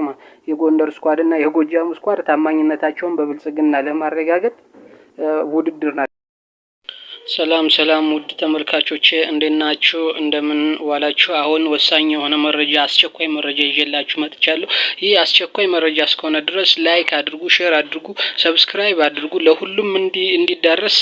ናቸው። የጎንደር እና የጎጃም ስኳድ ታማኝነታቸውን በብልጽግና ለማረጋገጥ ውድድር ናቸው። ሰላም ሰላም፣ ውድ ተመልካቾቼ እንዴት ናችሁ? እንደምን ዋላችሁ? አሁን ወሳኝ የሆነ መረጃ አስቸኳይ መረጃ ይዤላችሁ መጥቻለሁ። ይህ አስቸኳይ መረጃ እስከሆነ ድረስ ላይክ አድርጉ፣ ሼር አድርጉ፣ ሰብስክራይብ አድርጉ፣ ለሁሉም እንዲዳረስ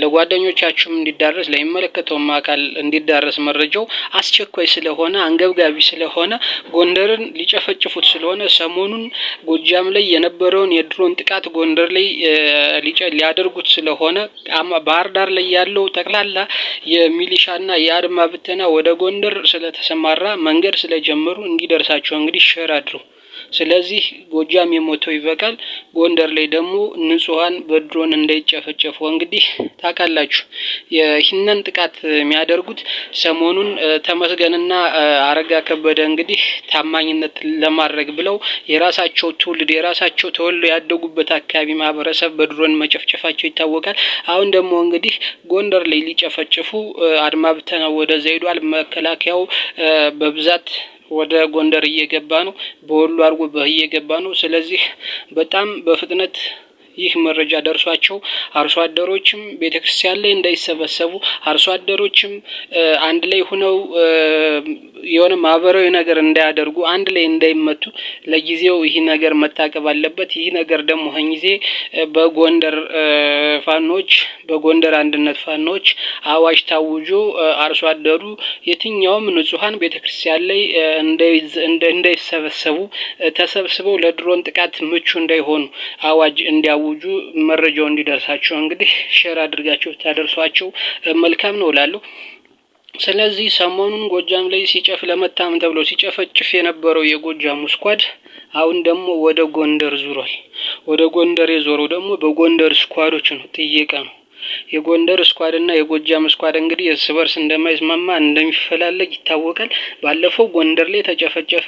ለጓደኞቻችሁም እንዲዳረስ ለሚመለከተውም አካል እንዲዳረስ መረጃው አስቸኳይ ስለሆነ አንገብጋቢ ስለሆነ ጎንደርን ሊጨፈጭፉት ስለሆነ ሰሞኑን ጎጃም ላይ የነበረውን የድሮን ጥቃት ጎንደር ላይ ሊያደርጉት ስለሆነ ባህር ዳር ላይ ያለው ጠቅላላ የሚሊሻና የአድማ ብተና ወደ ጎንደር ስለተሰማራ መንገድ ስለጀመሩ እንዲደርሳቸው እንግዲህ ሸር አድሩ። ስለዚህ ጎጃም የሞተው ይበቃል፣ ጎንደር ላይ ደግሞ ንጹሀን በድሮን እንዳይጨፈጨፉ። እንግዲህ ታውቃላችሁ ይህንን ጥቃት የሚያደርጉት ሰሞኑን ተመስገንና አረጋ ከበደ እንግዲህ ታማኝነት ለማድረግ ብለው የራሳቸው ትውልድ የራሳቸው ተወልዶ ያደጉበት አካባቢ ማህበረሰብ በድሮን መጨፍጨፋቸው ይታወቃል። አሁን ደግሞ እንግዲህ ጎንደር ላይ ሊጨፈጭፉ አድማ ብተናው ወደዛ ሄዷል። መከላከያው በብዛት ወደ ጎንደር እየገባ ነው፣ በወሎ አድርጎ እየገባ ነው። ስለዚህ በጣም በፍጥነት ይህ መረጃ ደርሷቸው አርሶ አደሮችም ቤተክርስቲያን ላይ እንዳይሰበሰቡ አርሶ አደሮችም አንድ ላይ ሁነው የሆነ ማህበራዊ ነገር እንዳያደርጉ አንድ ላይ እንዳይመቱ ለጊዜው ይህ ነገር መታቀብ አለበት። ይህ ነገር ደግሞ ሀኝ ጊዜ በጎንደር ፋኖች በጎንደር አንድነት ፋኖች አዋጅ ታውጆ አርሶ አደሩ የትኛውም ንጹሀን ቤተክርስቲያን ላይ እንዳይሰበሰቡ ተሰብስበው ለድሮን ጥቃት ምቹ እንዳይሆኑ አዋጅ እንዲያው ካወጁ መረጃው እንዲደርሳቸው እንግዲህ ሼር አድርጋችሁ ታደርሷቸው መልካም ነው እላለሁ። ስለዚህ ሰሞኑን ጎጃም ላይ ሲጨፍ ለመታም ተብሎ ሲጨፈጭፍ የነበረው የጎጃሙ ስኳድ አሁን ደግሞ ወደ ጎንደር ዙሯል። ወደ ጎንደር የዞረው ደግሞ በጎንደር ስኳዶች ነው ጥየቀ ነው። የጎንደር እስኳድና የጎጃም ስኳድ እንግዲህ እርስ በርስ እንደማይስማማ እንደሚፈላለግ ይታወቃል። ባለፈው ጎንደር ላይ ተጨፈጨፈ።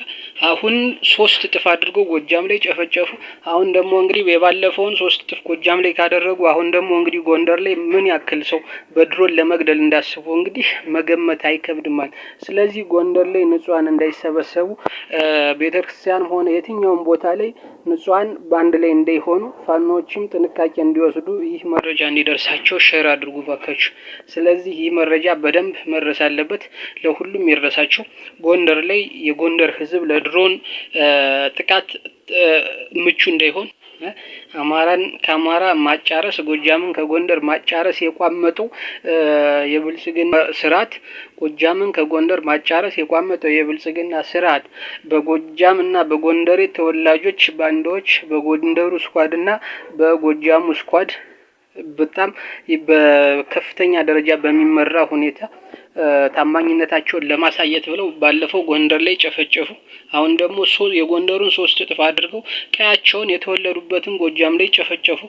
አሁን ሶስት እጥፍ አድርጎ ጎጃም ላይ ጨፈጨፉ። አሁን ደግሞ እንግዲህ የባለፈውን ሶስት እጥፍ ጎጃም ላይ ካደረጉ አሁን ደግሞ እንግዲህ ጎንደር ላይ ምን ያክል ሰው በድሮን ለመግደል እንዳስቡ እንግዲህ መገመት አይከብድማል። ስለዚህ ጎንደር ላይ ንጹሐን እንዳይሰበሰቡ ቤተክርስቲያን ሆነ የትኛውም ቦታ ላይ ንጹሐን በአንድ ላይ እንዳይሆኑ ፋኖችም ጥንቃቄ እንዲወስዱ ይህ መረጃ እንዲደርሳቸው ለጓደኞቻቸው ሼር አድርጉ ባካችሁ። ስለዚህ ይህ መረጃ በደንብ መድረስ አለበት፣ ለሁሉም ይድረሳቸው። ጎንደር ላይ የጎንደር ህዝብ ለድሮን ጥቃት ምቹ እንዳይሆን አማራን ከአማራ ማጫረስ ጎጃምን ከጎንደር ማጫረስ የቋመጠው የብልጽግና ስርዓት ጎጃምን ከጎንደር ማጫረስ የቋመጠው የብልጽግና ስርዓት በጎጃምና በጎንደሬ ተወላጆች ባንዳዎች በጎንደሩ ስኳድና በጎጃሙ ስኳድ በጣም በከፍተኛ ደረጃ በሚመራ ሁኔታ ታማኝነታቸውን ለማሳየት ብለው ባለፈው ጎንደር ላይ ጨፈጨፉ። አሁን ደግሞ የጎንደሩን ሶስት እጥፍ አድርገው ቀያቸውን የተወለዱበትን ጎጃም ላይ ጨፈጨፉ።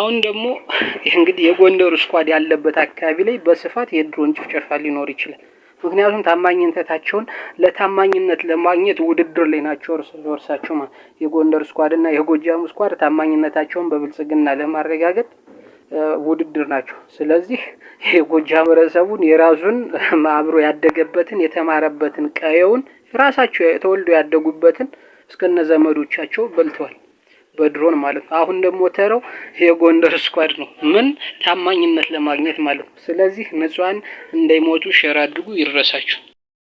አሁን ደግሞ እንግዲህ የጎንደሩ ስኳድ ያለበት አካባቢ ላይ በስፋት የድሮን ጭፍጨፋ ሊኖር ይችላል። ምክንያቱም ታማኝነታቸውን ለታማኝነት ለማግኘት ውድድር ላይ ናቸው እርስ በርሳቸው። የጎንደር ስኳድና የጎጃሙ ስኳድ ታማኝነታቸውን በብልጽግና ለማረጋገጥ ውድድር ናቸው። ስለዚህ የጎጃም ማህበረሰቡን የራሱን አብሮ ያደገበትን የተማረበትን ቀየውን ራሳቸው ተወልዶ ያደጉበትን እስከነ ዘመዶቻቸው በልተዋል በድሮን ማለት ነው። አሁን ደግሞ ተረው የጎንደር ስኳድ ነው። ምን ታማኝነት ለማግኘት ማለት ነው። ስለዚህ ንጹሃን እንዳይሞቱ ሸር አድርጉ፣ ይድረሳችሁ።